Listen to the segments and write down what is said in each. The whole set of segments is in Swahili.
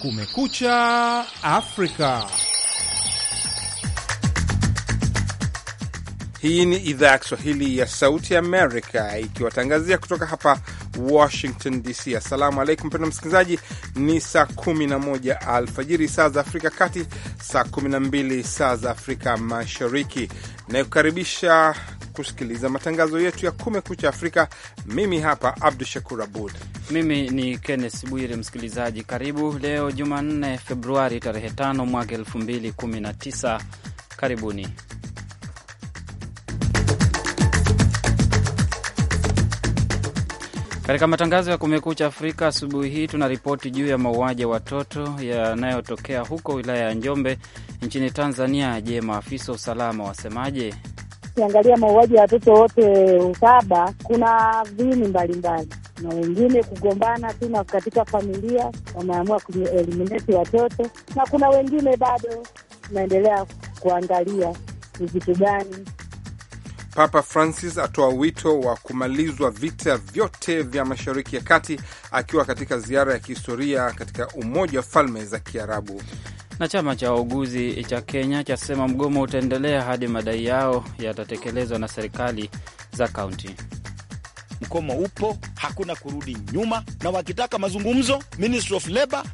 Kumekucha Afrika. Hii ni idhaa ya Kiswahili ya Sauti Amerika ikiwatangazia kutoka hapa Washington DC. Assalamu alaikum mpendwa msikilizaji, ni saa 11 alfajiri saa za Afrika kati, saa 12 saa za Afrika Mashariki, nayekukaribisha kusikiliza matangazo yetu ya Kumekucha Afrika. Mimi hapa Abdu Shakur Abud, mimi ni Kennes Bwire. Msikilizaji karibu leo Jumanne, Februari tarehe 5 mwaka 2019. Karibuni Katika matangazo ya kumekucha Afrika asubuhi hii tuna ripoti juu ya mauaji ya watoto yanayotokea huko wilaya ya Njombe nchini Tanzania. Je, maafisa wa usalama wasemaje? ukiangalia mauaji ya watoto wote saba, kuna viini mbalimbali na wengine kugombana tu na katika familia wameamua kueliminate watoto, na kuna wengine bado tunaendelea kuangalia ni vitu gani. Papa Francis atoa wito wa kumalizwa vita vyote vya Mashariki ya Kati akiwa katika ziara ya kihistoria katika Umoja wa Falme za Kiarabu. Na chama cha wauguzi cha Kenya chasema mgomo utaendelea hadi madai yao yatatekelezwa na serikali za kaunti. Mkomo upo, hakuna kurudi nyuma, na wakitaka mazungumzo, Ministry of Labor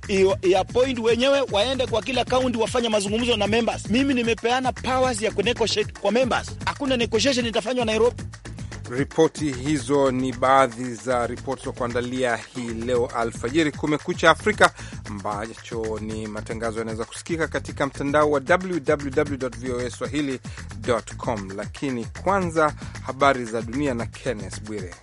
iapoint wenyewe, waende kwa kila kaunti wafanye mazungumzo na members. Mimi nimepeana powers ya kunegotiate kwa members, hakuna negotiation itafanywa Nairobi. Ripoti hizo ni baadhi za ripoti za kuandalia hii leo alfajiri. Kumekucha Afrika ambacho ni matangazo yanaweza kusikika katika mtandao wa www voa swahili com, lakini kwanza habari za dunia na Kenneth Bwire.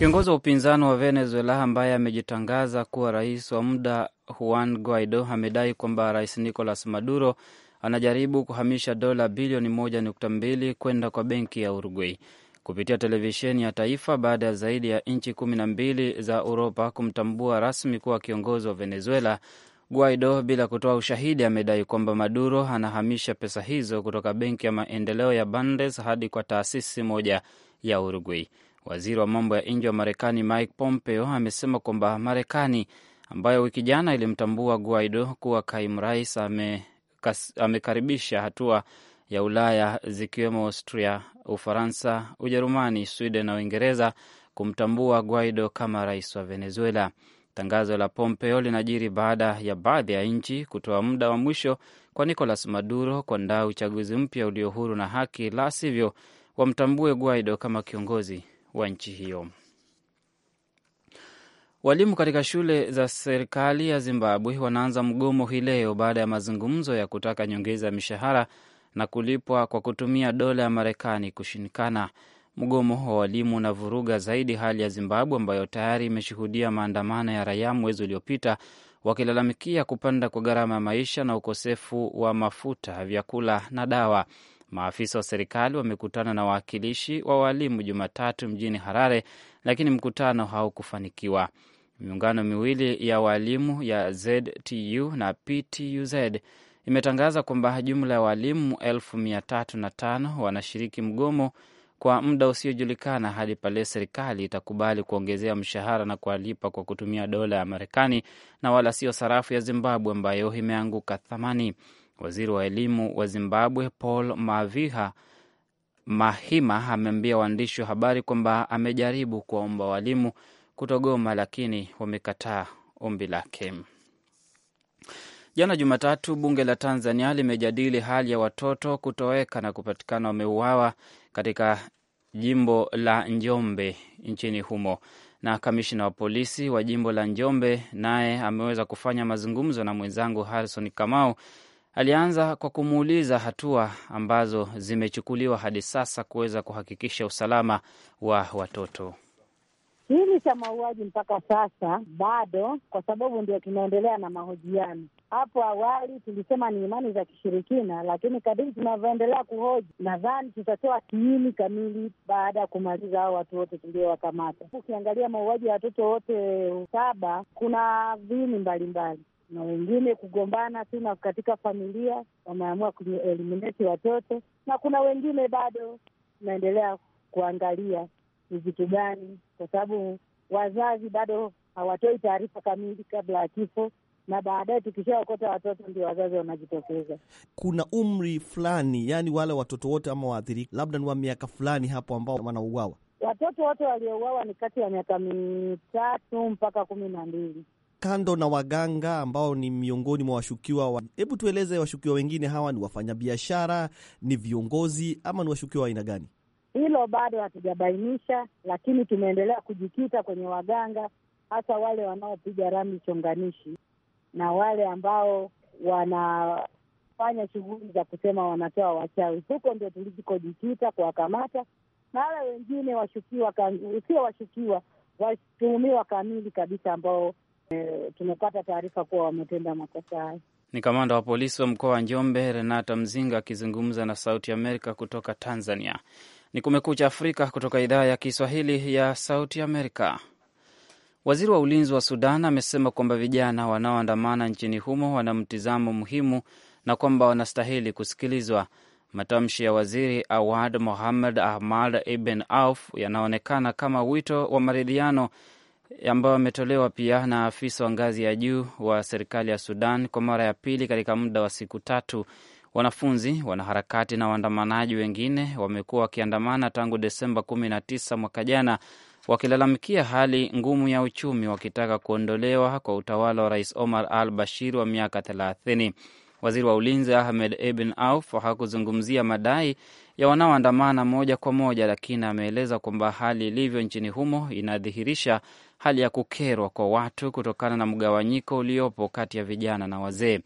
Kiongozi wa upinzani wa Venezuela ambaye amejitangaza kuwa rais wa muda Juan Guaido amedai kwamba rais Nicolas Maduro anajaribu kuhamisha dola bilioni 1.2 kwenda kwa benki ya Uruguay kupitia televisheni ya taifa baada ya zaidi ya nchi kumi na mbili za Uropa kumtambua rasmi kuwa kiongozi wa Venezuela. Guaido, bila kutoa ushahidi, amedai kwamba Maduro anahamisha pesa hizo kutoka benki ya maendeleo ya Bandes hadi kwa taasisi moja ya Uruguay. Waziri wa mambo ya nje wa Marekani Mike Pompeo amesema kwamba Marekani ambayo wiki jana ilimtambua Guaido kuwa kaimu rais amekaribisha ame hatua ya Ulaya zikiwemo Austria, Ufaransa, Ujerumani, Sweden na Uingereza kumtambua Guaido kama rais wa Venezuela. Tangazo la Pompeo linajiri baada ya baadhi ya nchi kutoa muda wa mwisho kwa Nicolas Maduro kuandaa uchaguzi mpya ulio huru na haki, la sivyo wamtambue Guaido kama kiongozi wa nchi hiyo. Walimu katika shule za serikali ya Zimbabwe wanaanza mgomo hii leo baada ya mazungumzo ya kutaka nyongeza ya mishahara na kulipwa kwa kutumia dola ya Marekani kushindikana. Mgomo wa walimu unavuruga zaidi hali ya Zimbabwe ambayo tayari imeshuhudia maandamano ya raia mwezi uliopita wakilalamikia kupanda kwa gharama ya maisha na ukosefu wa mafuta, vyakula na dawa. Maafisa wa serikali wamekutana na wawakilishi wa walimu Jumatatu mjini Harare, lakini mkutano haukufanikiwa. Miungano miwili ya walimu ya ZTU na PTUZ imetangaza kwamba jumla ya walimu elfu mia tatu na tano wanashiriki mgomo kwa muda usiojulikana hadi pale serikali itakubali kuongezea mshahara na kuwalipa kwa kutumia dola ya Marekani na wala sio sarafu ya Zimbabwe ambayo imeanguka thamani. Waziri wa elimu wa Zimbabwe Paul Maviha Mahima ameambia waandishi wa habari kwamba amejaribu kuwaomba walimu kutogoma lakini wamekataa ombi lake. Jana Jumatatu, bunge la Tanzania limejadili hali ya watoto kutoweka na kupatikana wameuawa katika jimbo la Njombe nchini humo, na kamishina wa polisi wa jimbo la Njombe naye ameweza kufanya mazungumzo na mwenzangu Harrison Kamau Alianza kwa kumuuliza hatua ambazo zimechukuliwa hadi sasa kuweza kuhakikisha usalama wa watoto. Hili cha mauaji mpaka sasa bado, kwa sababu ndio tunaendelea na mahojiano. Hapo awali tulisema ni imani za kishirikina, lakini kadiri tunavyoendelea kuhoji, nadhani tutatoa kiini kamili baada ya kumaliza hao watu wote tuliowakamata. Ukiangalia mauaji ya watoto wote saba, kuna viini mbalimbali na wengine kugombana tu na katika familia wameamua kueliminate watoto, na kuna wengine bado tunaendelea kuangalia ni vitu gani, kwa sababu wazazi bado hawatoi taarifa kamili kabla ya kifo, na baadaye tukishaokota watoto ndio wazazi wanajitokeza. Kuna umri fulani, yaani wale watoto wote ama waathirika labda ni wa miaka fulani hapo ambao wanauawa. Watoto wote waliouawa ni kati ya miaka mitatu mpaka kumi na mbili kando na waganga ambao ni miongoni mwa washukiwa, hebu tueleze washukiwa wengine hawa ni wafanyabiashara, ni viongozi, ama ni washukiwa wa aina gani? Hilo bado hatujabainisha, lakini tumeendelea kujikita kwenye waganga, hasa wale wanaopiga rami chonganishi na wale ambao wanafanya shughuli za kusema wanatoa wachawi. Huko ndio tulikojikita kuwakamata, na wale wengine washukiwa, sio washukiwa, watuhumiwa kamili kabisa ambao Eh, tumepata taarifa kuwa wametenda makosa hayo. Ni kamanda wa polisi wa mkoa wa Njombe Renata Mzinga akizungumza na Sauti Amerika kutoka Tanzania. Ni Kumekucha Afrika kutoka idhaa ya Kiswahili ya Sauti Amerika. Waziri wa ulinzi wa Sudan amesema kwamba vijana wanaoandamana nchini humo wana mtizamo muhimu na kwamba wanastahili kusikilizwa. Matamshi ya waziri Awad Mohamed Ahmad Ibn Auf yanaonekana kama wito wa maridhiano ambayo ametolewa pia na afisa wa ngazi ya juu wa serikali ya Sudan. Kwa mara ya pili katika muda wa siku tatu, wanafunzi, wanaharakati na waandamanaji wengine wamekuwa wakiandamana tangu Desemba 19 mwaka jana, wakilalamikia hali ngumu ya uchumi, wakitaka kuondolewa kwa utawala wa Rais Omar al Bashir wa miaka thelathini Waziri wa ulinzi Ahmed Ibn Auf hakuzungumzia madai ya wanaoandamana moja kwa moja, lakini ameeleza kwamba hali ilivyo nchini humo inadhihirisha hali ya kukerwa kwa watu kutokana na mgawanyiko uliopo kati ya vijana na wazee.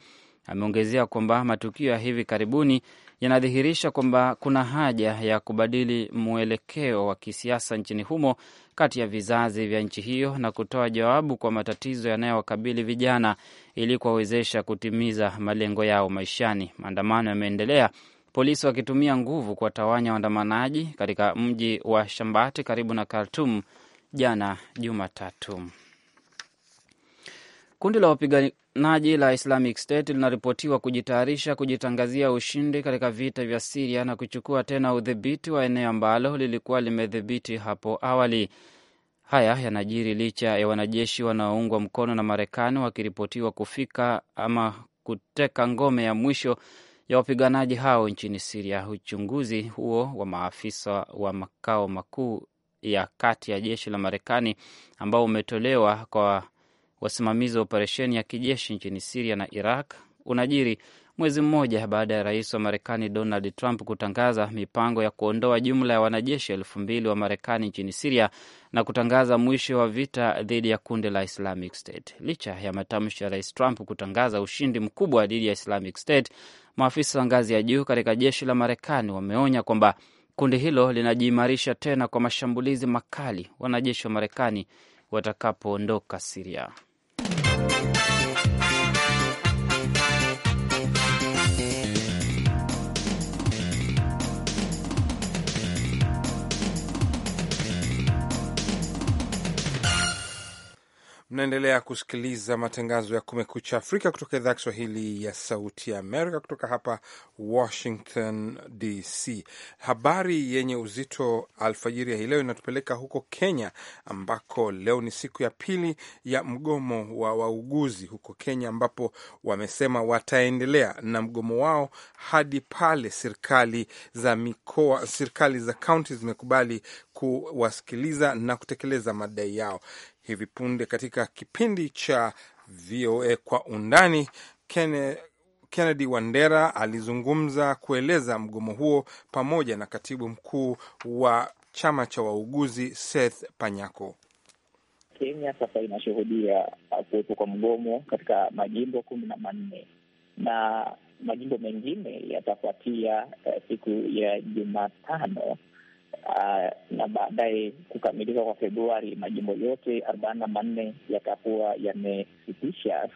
Ameongezea kwamba matukio ya hivi karibuni yanadhihirisha kwamba kuna haja ya kubadili mwelekeo wa kisiasa nchini humo kati ya vizazi vya nchi hiyo na kutoa jawabu kwa matatizo yanayowakabili vijana ili kuwawezesha kutimiza malengo yao maishani. Maandamano yameendelea, polisi wakitumia nguvu kuwatawanya waandamanaji katika mji wa Shambati karibu na Khartum jana Jumatatu. Kundi la wapiganaji la Islamic State linaripotiwa kujitayarisha kujitangazia ushindi katika vita vya Siria na kuchukua tena udhibiti wa eneo ambalo lilikuwa limedhibiti hapo awali. Haya yanajiri licha ya wanajeshi wanaoungwa mkono na Marekani wakiripotiwa kufika ama kuteka ngome ya mwisho ya wapiganaji hao nchini Siria. Uchunguzi huo wa maafisa wa makao makuu ya kati ya jeshi la Marekani ambao umetolewa kwa wasimamizi wa operesheni ya kijeshi nchini Siria na Iraq unajiri mwezi mmoja baada ya rais wa Marekani Donald Trump kutangaza mipango ya kuondoa jumla ya wanajeshi elfu mbili wa Marekani nchini Siria na kutangaza mwisho wa vita dhidi ya kundi la Islamic State. Licha ya matamshi ya rais Trump kutangaza ushindi mkubwa dhidi ya Islamic State, maafisa wa ngazi ya juu katika jeshi la Marekani wameonya kwamba kundi hilo linajiimarisha tena kwa mashambulizi makali wanajeshi wa Marekani watakapoondoka Siria. Mnaendelea kusikiliza matangazo ya Kumekucha Afrika kutoka idhaa ya Kiswahili ya Sauti ya Amerika, kutoka hapa Washington DC. Habari yenye uzito alfajiri ya hii leo inatupeleka huko Kenya, ambako leo ni siku ya pili ya mgomo wa wauguzi huko Kenya, ambapo wamesema wataendelea na mgomo wao hadi pale serikali za mikoa, serikali za kaunti zimekubali kuwasikiliza na kutekeleza madai yao hivi punde katika kipindi cha VOA kwa undani. Kene, Kennedy Wandera alizungumza kueleza mgomo huo pamoja na katibu mkuu wa chama cha wauguzi Seth Panyako. Kenya sasa inashuhudia kuwepo kwa mgomo katika majimbo kumi na manne na majimbo mengine yatafuatia eh, siku ya Jumatano uh, na baadaye kukamilika kwa Februari, majimbo yote arobaini na manne yatakuwa yamesitisha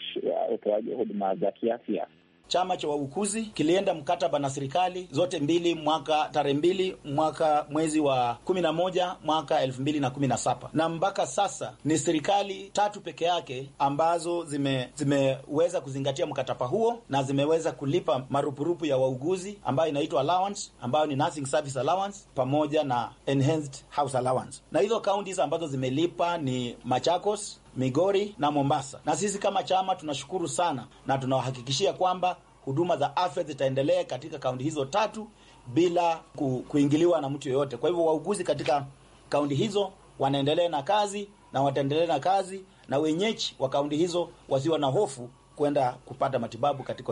utoaji wa huduma za kiafya chama cha waukuzi kilienda mkataba na serikali zote mbili mwaka tarehe mbili mwaka mwezi wa kumi na moja mwaka elfu mbili na kumi na saba na mpaka sasa ni serikali tatu peke yake ambazo zime, zimeweza kuzingatia mkataba huo na zimeweza kulipa marupurupu ya wauguzi ambayo inaitwa allowance ambayo ni nursing service allowance pamoja na enhanced house allowance, na hizo kaunti ambazo zimelipa ni Machakos Migori na Mombasa. Na sisi kama chama tunashukuru sana na tunawahakikishia kwamba huduma za afya zitaendelea katika kaunti hizo tatu bila kuingiliwa na mtu yoyote. Kwa hivyo wauguzi katika kaunti hizo wanaendelea na kazi na wataendelea na kazi, na wenyeji wa kaunti hizo wasiwa na hofu kwenda kupata matibabu katika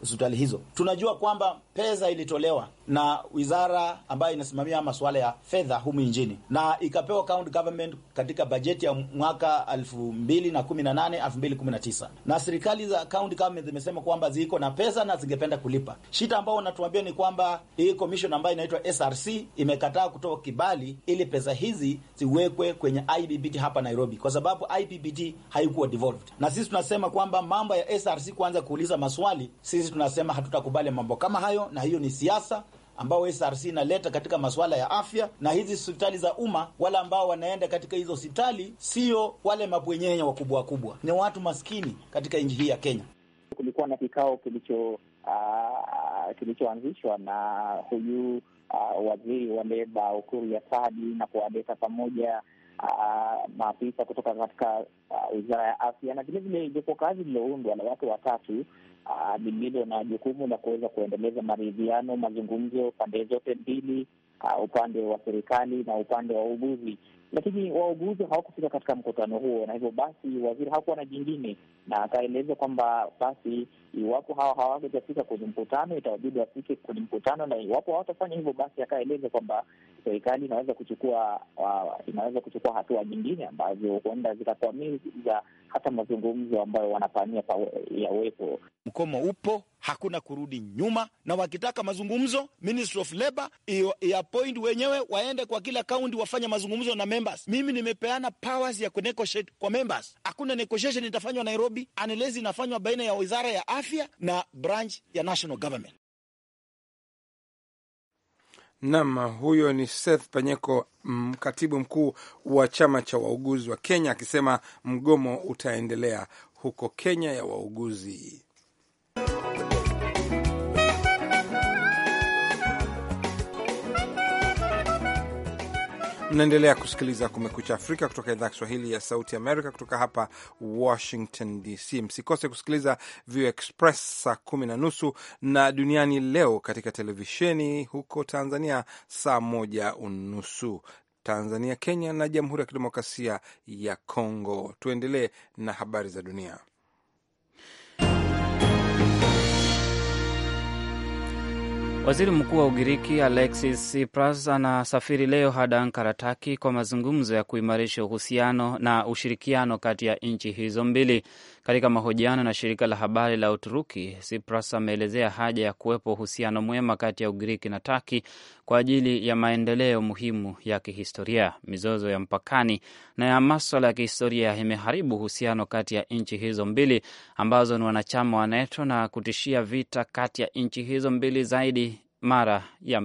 hospitali hizo. Tunajua kwamba pesa ilitolewa na wizara ambayo inasimamia masuala ya fedha humu nchini, na ikapewa county government katika bajeti ya mwaka 2018 2019, na serikali za county government zimesema kwamba ziko na pesa na zingependa kulipa. Shida ambao wanatuambia ni kwamba hii commission ambayo inaitwa SRC imekataa kutoa kibali ili pesa hizi ziwekwe kwenye IBBT hapa Nairobi, kwa sababu IBBT haikuwa devolved, na sisi tunasema kwamba mambo ya SRC kuanza kuuliza maswali, sisi tunasema hatutakubali mambo kama hayo, na hiyo ni siasa ambao SRC inaleta katika masuala ya afya, na hizi hospitali za umma, wale ambao wanaenda katika hizo hospitali sio wale mabwenyenye wakubwa wakubwa, ni watu maskini katika nchi hii ya Kenya. Kulikuwa na kikao kilicho uh, kilichoanzishwa na huyu uh, waziri wa leba Ukuru ya Sadi na kuwaleta pamoja Uh, maafisa kutoka katika wizara uh, ya afya na vilevile jopo kazi lililoundwa la watu watatu vilivyo ah, na jukumu la kuweza kuendeleza maridhiano, mazungumzo pande zote mbili, ah, upande wa serikali na upande wa wauguzi. Lakini wauguzi hawakufika katika mkutano huo, na hivyo basi waziri hakuwa na jingine na akaeleza kwamba basi iwapo hawa hawakutafika kwenye mkutano itawabidi wafike kwenye mkutano, na iwapo hawatafanya hivyo, basi akaeleza kwamba serikali inaweza kuchukua uh, inaweza kuchukua hatua nyingine ambazo huenda zikakwamiza hata mazungumzo ambayo wanapania yawepo. Mkomo upo, hakuna kurudi nyuma, na wakitaka mazungumzo, Ministry of Labor wenyewe, waende kwa kila kaunti wafanye mazungumzo na members. Mimi nimepeana powers ya kunegotiate kwa members, hakuna negotiation itafanywa Nairobi. Nairobi anelezi inafanywa baina ya wizara ya afya na branch ya national government. Nam, huyo ni Seth Panyeko, mm, katibu mkuu wa chama cha wauguzi wa Kenya, akisema mgomo utaendelea huko Kenya ya wauguzi. Mnaendelea kusikiliza Kumekucha Afrika kutoka idhaa ya Kiswahili ya Sauti Amerika, kutoka hapa Washington DC. Msikose kusikiliza VOA Express saa kumi na nusu na Duniani Leo katika televisheni huko Tanzania saa moja unusu Tanzania, Kenya na Jamhuri ya Kidemokrasia ya Kongo. Tuendelee na habari za dunia. Waziri Mkuu wa Ugiriki Alexis Tsipras anasafiri leo hadi Ankara, Turkey, kwa mazungumzo ya kuimarisha uhusiano na ushirikiano kati ya nchi hizo mbili. Katika mahojiano na shirika la habari la Uturuki, Tsipras ameelezea haja ya kuwepo uhusiano mwema kati ya Ugiriki na Turkey kwa ajili ya maendeleo muhimu ya kihistoria. Mizozo ya mpakani na ya maswala ya kihistoria imeharibu uhusiano kati ya nchi hizo mbili ambazo ni wanachama wa NATO na kutishia vita kati ya nchi hizo mbili zaidi mara ya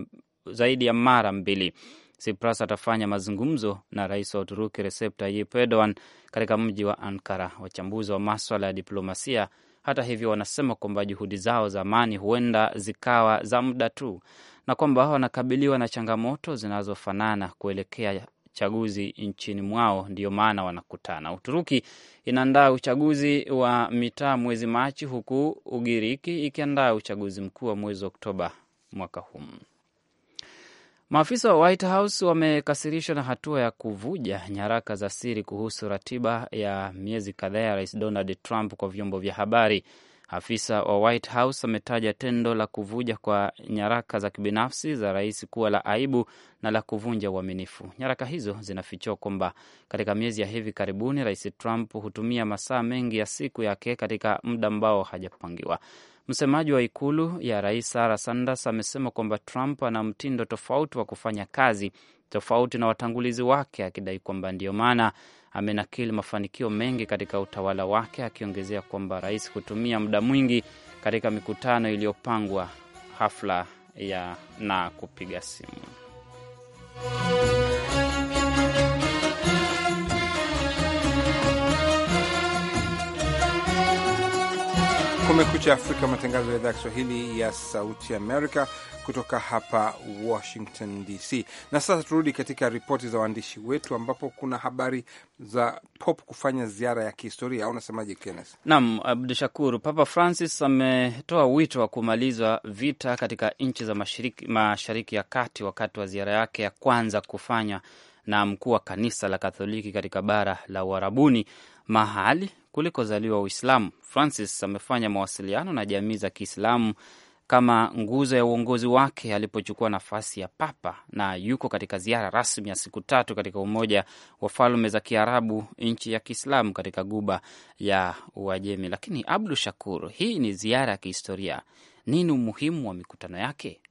zaidi ya mara mbili. sipras atafanya mazungumzo na rais wa Uturuki Recep Tayyip Erdogan katika mji wa Ankara. Wachambuzi wa maswala ya diplomasia, hata hivyo, wanasema kwamba juhudi zao za amani huenda zikawa za muda tu na kwamba wanakabiliwa na changamoto zinazofanana kuelekea chaguzi nchini mwao, ndiyo maana wanakutana. Uturuki inaandaa uchaguzi wa mitaa mwezi Machi, huku Ugiriki ikiandaa uchaguzi mkuu wa mwezi Oktoba mwaka huu. Maafisa wa White House wamekasirishwa na hatua ya kuvuja nyaraka za siri kuhusu ratiba ya miezi kadhaa ya Rais Donald Trump kwa vyombo vya habari. Afisa wa White House ametaja tendo la kuvuja kwa nyaraka za kibinafsi za rais kuwa la aibu na la kuvunja uaminifu. Nyaraka hizo zinafichua kwamba katika miezi ya hivi karibuni, Rais Trump hutumia masaa mengi ya siku yake katika muda ambao hajapangiwa. Msemaji wa ikulu ya rais Sara Sanders amesema kwamba Trump ana mtindo tofauti wa kufanya kazi tofauti na watangulizi wake, akidai kwamba ndiyo maana amenakili mafanikio mengi katika utawala wake, akiongezea kwamba rais hutumia muda mwingi katika mikutano iliyopangwa, hafla ya na kupiga simu. Kumekucha Afrika, matangazo ya idhaa ya Kiswahili ya Sauti Amerika kutoka hapa Washington DC. Na sasa turudi katika ripoti za waandishi wetu, ambapo kuna habari za Pop kufanya ziara ya kihistoria, au unasemaje Kenneth? Naam, Abdu Shakur, Papa Francis ametoa wito wa kumalizwa vita katika nchi za mashariki, mashariki ya kati wakati wa ziara yake ya kwanza kufanya na mkuu wa kanisa la katholiki katika bara la Uarabuni mahali kulikozaliwa Uislamu. Francis amefanya mawasiliano na jamii za Kiislamu kama nguzo ya uongozi wake alipochukua nafasi ya papa na yuko katika ziara rasmi ya siku tatu katika Umoja wa Falme za Kiarabu, nchi ya Kiislamu katika Guba ya Uajemi. Lakini Abdu Shakur, hii ni ziara ya kihistoria, nini umuhimu wa mikutano yake?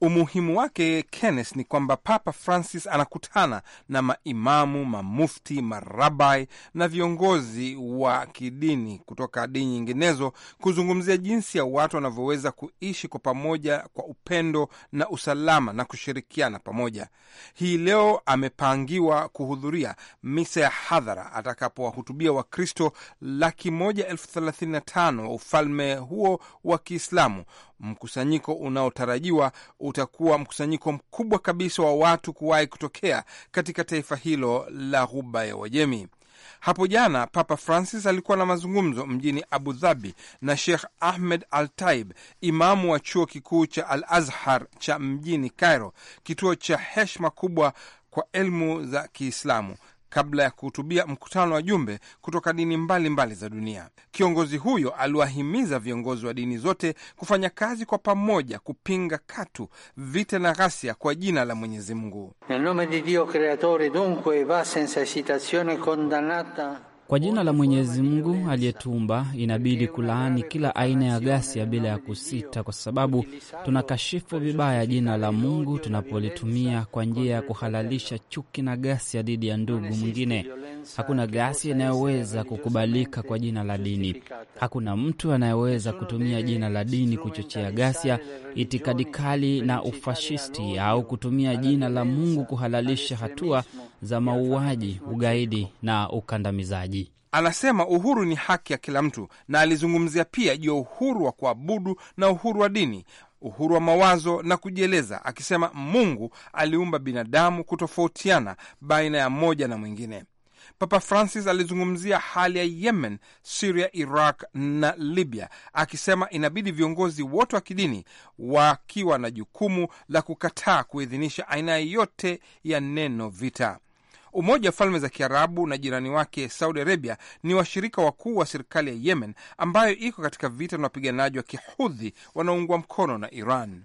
Umuhimu wake Kenneth, ni kwamba Papa Francis anakutana na maimamu, mamufti, marabai na viongozi wa kidini kutoka dini nyinginezo kuzungumzia jinsi ya watu wanavyoweza kuishi kwa pamoja kwa upendo na usalama na kushirikiana pamoja. Hii leo amepangiwa kuhudhuria misa ya hadhara atakapowahutubia Wakristo laki moja elfu thelathini na tano wa ufalme huo wa Kiislamu Mkusanyiko unaotarajiwa utakuwa mkusanyiko mkubwa kabisa wa watu kuwahi kutokea katika taifa hilo la Ghuba ya Uajemi. Hapo jana Papa Francis alikuwa na mazungumzo mjini Abu Dhabi na Sheikh Ahmed Al Taib, imamu wa chuo kikuu cha Al Azhar cha mjini Cairo, kituo cha heshima kubwa kwa elmu za Kiislamu kabla ya kuhutubia mkutano wa jumbe kutoka dini mbalimbali mbali za dunia. Kiongozi huyo aliwahimiza viongozi wa dini zote kufanya kazi kwa pamoja kupinga katu vita na ghasia kwa jina la Mwenyezi Mungu. Nel nome di Dio creatore dunque va senza esitazione condannata kwa jina la Mwenyezi Mungu aliyetuumba, inabidi kulaani kila aina ya ghasia bila ya kusita, kwa sababu tunakashifu vibaya jina la Mungu tunapolitumia kwa njia ya kuhalalisha chuki na ghasia dhidi ya ndugu mwingine. Hakuna ghasia inayoweza kukubalika kwa jina la dini. Hakuna mtu anayeweza kutumia jina la dini kuchochea ghasia, itikadi kali na ufashisti, au kutumia jina la Mungu kuhalalisha hatua za mauaji, ugaidi na ukandamizaji. Anasema uhuru ni haki ya kila mtu, na alizungumzia pia juu ya uhuru wa kuabudu na uhuru wa dini, uhuru wa mawazo na kujieleza, akisema Mungu aliumba binadamu kutofautiana baina ya mmoja na mwingine. Papa Francis alizungumzia hali ya Yemen, Siria, Iraq na Libya, akisema inabidi viongozi wote wa kidini wakiwa na jukumu la kukataa kuidhinisha aina yote ya neno vita. Umoja wa Falme za Kiarabu na jirani wake Saudi Arabia ni washirika wakuu wa serikali ya Yemen ambayo iko katika vita na wapiganaji wa Kihudhi wanaoungwa mkono na Iran.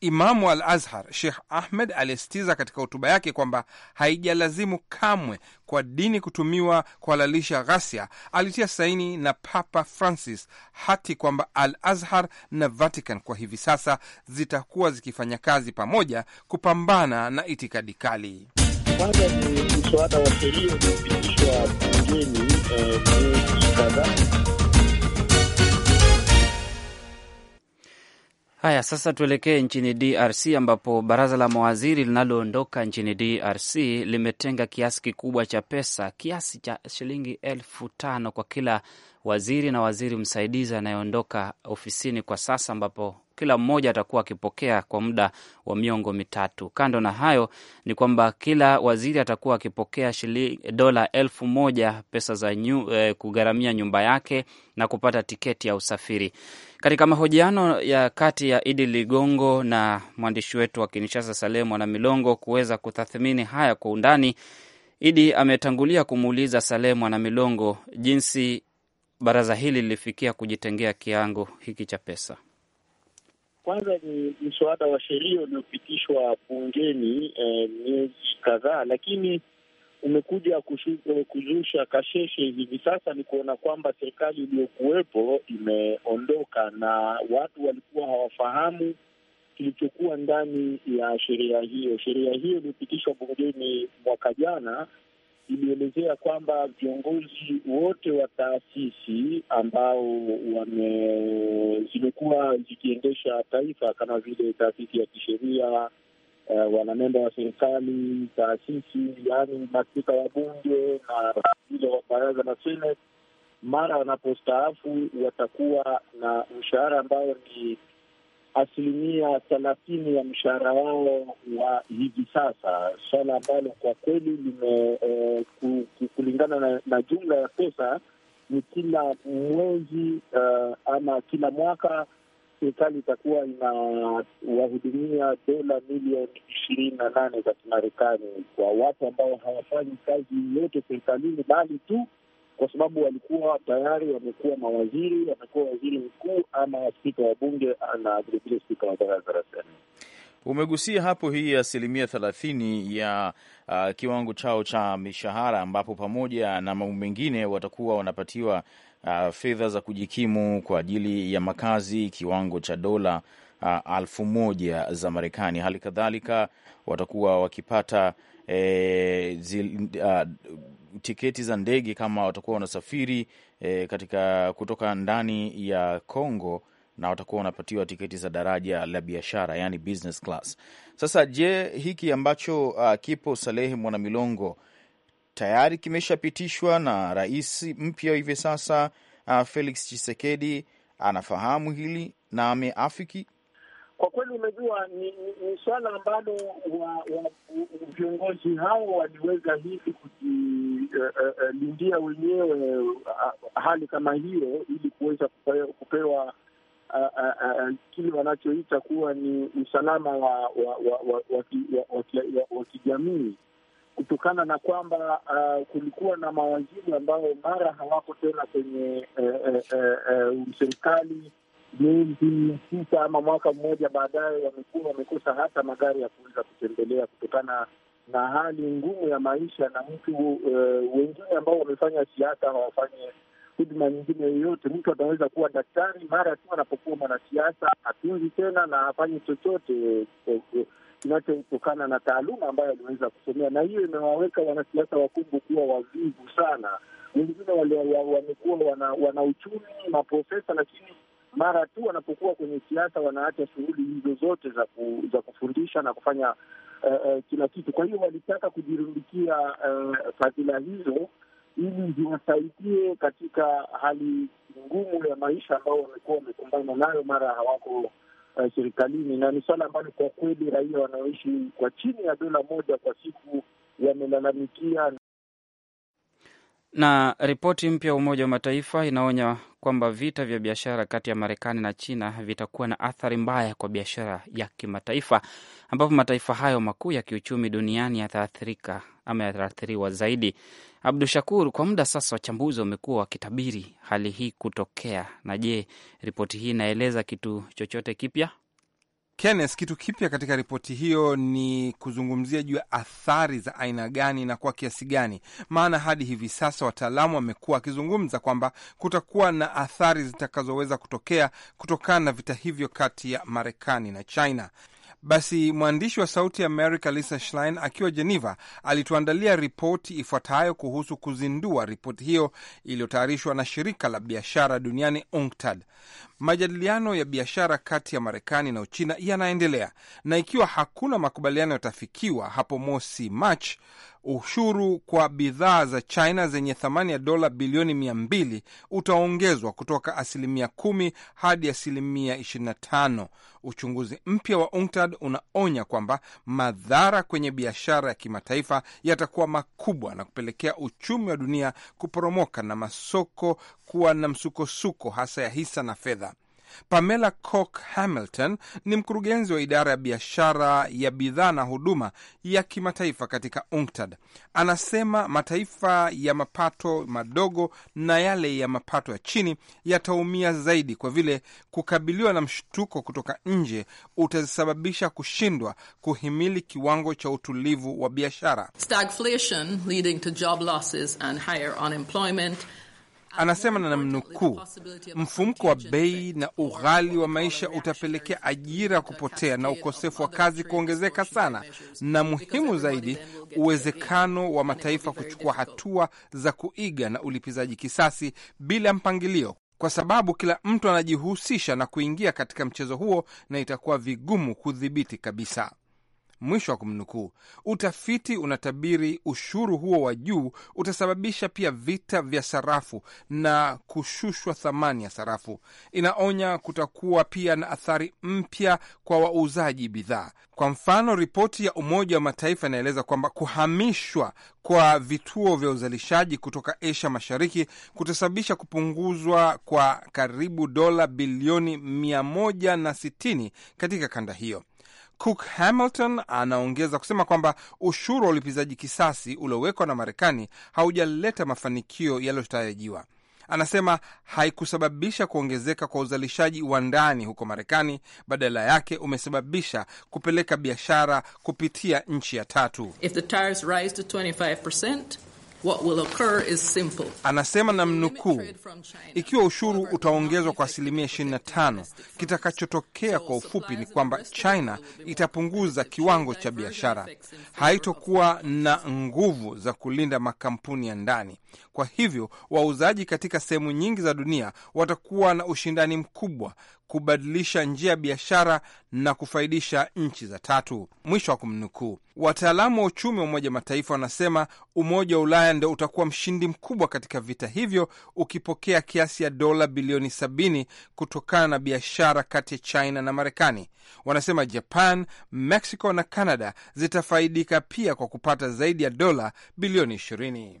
Imamu al Azhar Sheikh Ahmed alisitiza katika hotuba yake kwamba haijalazimu kamwe kwa dini kutumiwa kuhalalisha ghasia. Alitia saini na Papa Francis hati kwamba al Azhar na Vatican kwa hivi sasa zitakuwa zikifanya kazi pamoja kupambana na itikadi kali. Kwanza ni mswada wa sheria uliopitishwa bungeni eh, miezi kadhaa. Haya, sasa tuelekee nchini DRC ambapo baraza la mawaziri linaloondoka nchini DRC limetenga kiasi kikubwa cha pesa, kiasi cha shilingi elfu tano kwa kila waziri na waziri msaidizi anayeondoka ofisini kwa sasa, ambapo kila mmoja atakuwa akipokea kwa muda wa miongo mitatu. Kando na hayo, ni kwamba kila waziri atakuwa akipokea dola elfu moja pesa za nyu, eh, kugharamia nyumba yake na kupata tiketi ya usafiri. Katika mahojiano ya kati ya Idi Ligongo na mwandishi wetu wa Kinshasa Saleh Mwanamilongo kuweza kutathmini haya kwa undani, Idi ametangulia kumuuliza Saleh Mwanamilongo jinsi baraza hili lilifikia kujitengea kiango hiki cha pesa. Kwanza ni mswada wa sheria uliopitishwa bungeni eh, miezi kadhaa, lakini umekuja eh, kuzusha kasheshe hivi sasa. Ni kuona kwamba serikali iliyokuwepo imeondoka na watu walikuwa hawafahamu kilichokuwa ndani ya sheria hiyo. Sheria hiyo iliyopitishwa bungeni mwaka jana ilielezea kwamba viongozi wote wa taasisi ambao wame zimekuwa zikiendesha taifa kama vile taasisi ya kisheria uh, wanamemba wa serikali, taasisi yaani maspika wa bunge na vile wa baraza la seneti, mara wanapostaafu watakuwa na mshahara ambao ni asilimia thelathini ya mshahara wao wa hivi sasa, swala ambalo kwa kweli lime eh, ku, ku, kulingana na, na jumla ya pesa ni kila mwezi uh, ama kila mwaka serikali itakuwa inawahudumia dola milioni ishirini na nane za Kimarekani kwa watu ambao hawafanyi kazi yote serikalini bali tu kwa sababu walikuwa tayari wamekuwa mawaziri, wamekuwa waziri mkuu ama spika wa bunge na vilevile spika wa baraza la Seneti. Umegusia hapo hii asilimia thelathini ya uh, kiwango chao cha mishahara ambapo pamoja na mambo mengine watakuwa wanapatiwa uh, fedha za kujikimu kwa ajili ya makazi, kiwango cha dola uh, alfu moja za Marekani. Hali kadhalika watakuwa wakipata e, zil, uh, tiketi za ndege kama watakuwa wanasafiri e, katika kutoka ndani ya Kongo na watakuwa wanapatiwa tiketi za daraja la biashara yani business class. Sasa je, hiki ambacho uh, kipo Salehe Mwanamilongo tayari kimeshapitishwa na rais mpya hivi sasa uh, Felix chisekedi anafahamu hili na ameafiki? Kwa kweli, umejua ni, ni, ni swala ambalo viongozi hao waliweza hivi kujilindia eh, eh, eh, uh, uh, wenyewe uh, hali kama hiyo ili kuweza kupewa, kupewa uh, uh, uh, kile wanachoita kuwa ni usalama wa, wa, wa, wa, wa, wa kijamii kutokana na kwamba uh, kulikuwa na mawaziri ambao mara hawako tena kwenye uh, uh, uh, uh, serikali miezi sita ama mwaka mmoja baadaye, wamekuwa wamekosa hata magari ya kuweza kutembelea kutokana na hali ngumu ya maisha, na mtu uh, wengine ambao wamefanya siasa hawafanye huduma nyingine yoyote. Mtu anaweza kuwa daktari, mara tu anapokuwa mwanasiasa atunzi tena na afanye chochote eh, eh, kinachotokana na taaluma ambayo aliweza kusomea, na hiyo imewaweka wanasiasa wakubwa kuwa wavivu sana. Wengine wamekuwa wana, wana uchumi maprofesa, lakini mara tu wanapokuwa kwenye siasa wanaacha shughuli hizo zote za, ku, za kufundisha na kufanya uh, uh, kila kitu. Kwa hiyo walitaka kujirundikia uh, fadhila hizo ili ziwasaidie katika hali ngumu ya maisha ambao wamekuwa wamekumbana nayo mara hawako uh, serikalini, na ni swala ambalo kwa kweli raia wanaoishi kwa chini ya dola moja kwa siku yamelalamikia na ripoti mpya ya Umoja wa Mataifa inaonya kwamba vita vya biashara kati ya Marekani na China vitakuwa na athari mbaya kwa biashara ya kimataifa, ambapo mataifa hayo makuu ya kiuchumi duniani yataathirika ama yataathiriwa zaidi. Abdu Shakur, kwa muda sasa wachambuzi wamekuwa wakitabiri hali hii kutokea, na je, ripoti hii inaeleza kitu chochote kipya? Kenneth, kitu kipya katika ripoti hiyo ni kuzungumzia juu ya athari za aina gani na kwa kiasi gani, maana hadi hivi sasa wataalamu wamekuwa wakizungumza kwamba kutakuwa na athari zitakazoweza kutokea kutokana na vita hivyo kati ya Marekani na China. Basi mwandishi wa Sauti ya Amerika Lisa Schlein akiwa Jeneva alituandalia ripoti ifuatayo kuhusu kuzindua ripoti hiyo iliyotayarishwa na shirika la biashara duniani UNCTAD. Majadiliano ya biashara kati ya Marekani na Uchina yanaendelea na ikiwa hakuna makubaliano yatafikiwa hapo mosi mach ushuru kwa bidhaa za China zenye thamani ya dola bilioni mia mbili utaongezwa kutoka asilimia kumi hadi asilimia ishirini na tano. Uchunguzi mpya wa UNCTAD unaonya kwamba madhara kwenye biashara ya kimataifa yatakuwa makubwa na kupelekea uchumi wa dunia kuporomoka na masoko kuwa na msukosuko, hasa ya hisa na fedha. Pamela Cook Hamilton ni mkurugenzi wa idara ya biashara ya bidhaa na huduma ya kimataifa katika UNCTAD. Anasema mataifa ya mapato madogo na yale ya mapato ya chini yataumia zaidi, kwa vile kukabiliwa na mshtuko kutoka nje utasababisha kushindwa kuhimili kiwango cha utulivu wa biashara. Stagflation leading to job losses and higher unemployment Anasema na namnukuu, mfumko wa bei na ughali wa maisha utapelekea ajira kupotea na ukosefu wa kazi kuongezeka sana, na muhimu zaidi, uwezekano wa mataifa kuchukua hatua za kuiga na ulipizaji kisasi bila mpangilio, kwa sababu kila mtu anajihusisha na kuingia katika mchezo huo, na itakuwa vigumu kudhibiti kabisa. Mwisho wa kumnukuu. Utafiti unatabiri ushuru huo wa juu utasababisha pia vita vya sarafu na kushushwa thamani ya sarafu. Inaonya kutakuwa pia na athari mpya kwa wauzaji bidhaa. Kwa mfano, ripoti ya Umoja wa Mataifa inaeleza kwamba kuhamishwa kwa vituo vya uzalishaji kutoka Asia Mashariki kutasababisha kupunguzwa kwa karibu dola bilioni 160 katika kanda hiyo. Cook Hamilton anaongeza kusema kwamba ushuru wa ulipizaji kisasi uliowekwa na Marekani haujaleta mafanikio yaliyotarajiwa. Anasema haikusababisha kuongezeka kwa uzalishaji wa ndani huko Marekani, badala yake umesababisha kupeleka biashara kupitia nchi ya tatu. If the What will occur is simple. Anasema na mnukuu, ikiwa ushuru utaongezwa kwa asilimia 25, kitakachotokea kwa ufupi ni kwamba China itapunguza kiwango cha biashara, haitokuwa na nguvu za kulinda makampuni ya ndani kwa hivyo wauzaji katika sehemu nyingi za dunia watakuwa na ushindani mkubwa kubadilisha njia ya biashara na kufaidisha nchi za tatu. Mwisho wa kumnukuu. Wataalamu wa uchumi wa Umoja Mataifa wanasema Umoja wa Ulaya ndio utakuwa mshindi mkubwa katika vita hivyo, ukipokea kiasi ya dola bilioni 70 kutokana na biashara kati ya China na Marekani. Wanasema Japan, Mexico na Canada zitafaidika pia kwa kupata zaidi ya dola bilioni 20.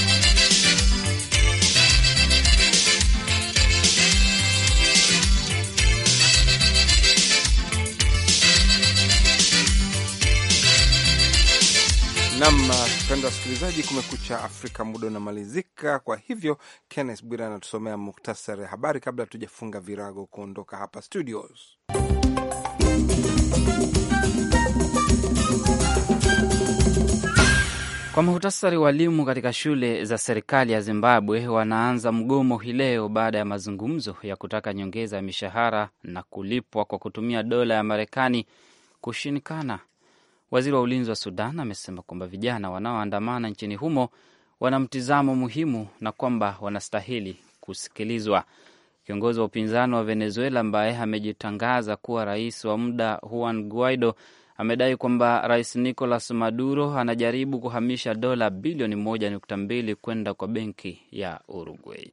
Nam pendo wasikilizaji, Kumekucha Afrika, muda unamalizika. Kwa hivyo, Kenneth Bwira anatusomea muktasari habari kabla hatujafunga virago kuondoka hapa studios. Kwa muhtasari, walimu katika shule za serikali ya Zimbabwe wanaanza mgomo hii leo baada ya mazungumzo ya kutaka nyongeza ya mishahara na kulipwa kwa kutumia dola ya Marekani kushinikana Waziri wa ulinzi wa Sudan amesema kwamba vijana wanaoandamana nchini humo wana mtizamo muhimu na kwamba wanastahili kusikilizwa. Kiongozi wa upinzani wa Venezuela ambaye amejitangaza kuwa rais wa muda Juan Guaido amedai kwamba rais Nicolas Maduro anajaribu kuhamisha dola bilioni moja nukta mbili kwenda kwa benki ya Uruguay.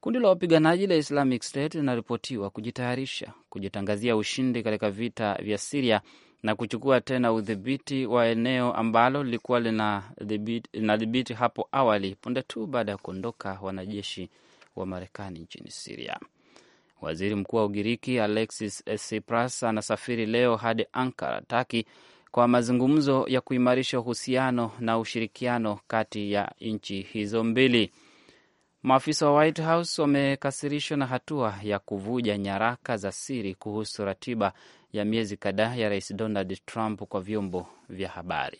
Kundi la wapiganaji la Islamic State linaripotiwa kujitayarisha kujitangazia ushindi katika vita vya Siria na kuchukua tena udhibiti wa eneo ambalo lilikuwa linadhibiti hapo awali punde tu baada ya kuondoka wanajeshi wa Marekani nchini Siria. Waziri Mkuu wa Ugiriki Alexis Tsipras anasafiri leo hadi Ankara, Taki, kwa mazungumzo ya kuimarisha uhusiano na ushirikiano kati ya nchi hizo mbili. Maafisa wa White House wamekasirishwa na hatua ya kuvuja nyaraka za siri kuhusu ratiba ya miezi kadhaa ya Rais Donald Trump kwa vyombo vya habari.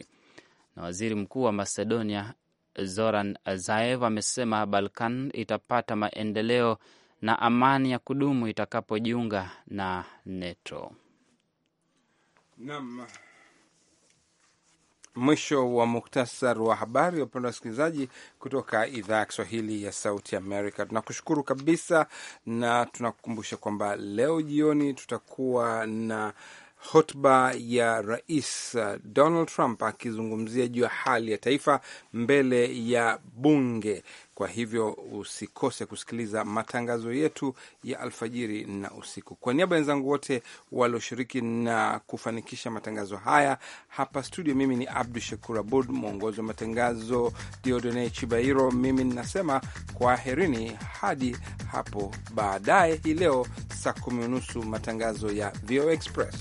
Na waziri mkuu wa Macedonia Zoran Zaev amesema Balkan itapata maendeleo na amani ya kudumu itakapojiunga na NATO. Naam. Mwisho wa muktasar wa habari, wapendwa wasikilizaji, kutoka idhaa ya Kiswahili ya Sauti Amerika. Tunakushukuru kabisa na tunakukumbusha kwamba leo jioni tutakuwa na hotuba ya Rais uh, Donald Trump akizungumzia juu ya hali ya taifa mbele ya bunge kwa hivyo usikose kusikiliza matangazo yetu ya alfajiri na usiku. Kwa niaba ya wenzangu wote walioshiriki na kufanikisha matangazo haya hapa studio, mimi ni Abdu Shakur Abud, mwongozi wa matangazo Diodone Chibairo. Mimi ninasema kwaherini hadi hapo baadaye hii leo saa kumi unusu matangazo ya VOA Express.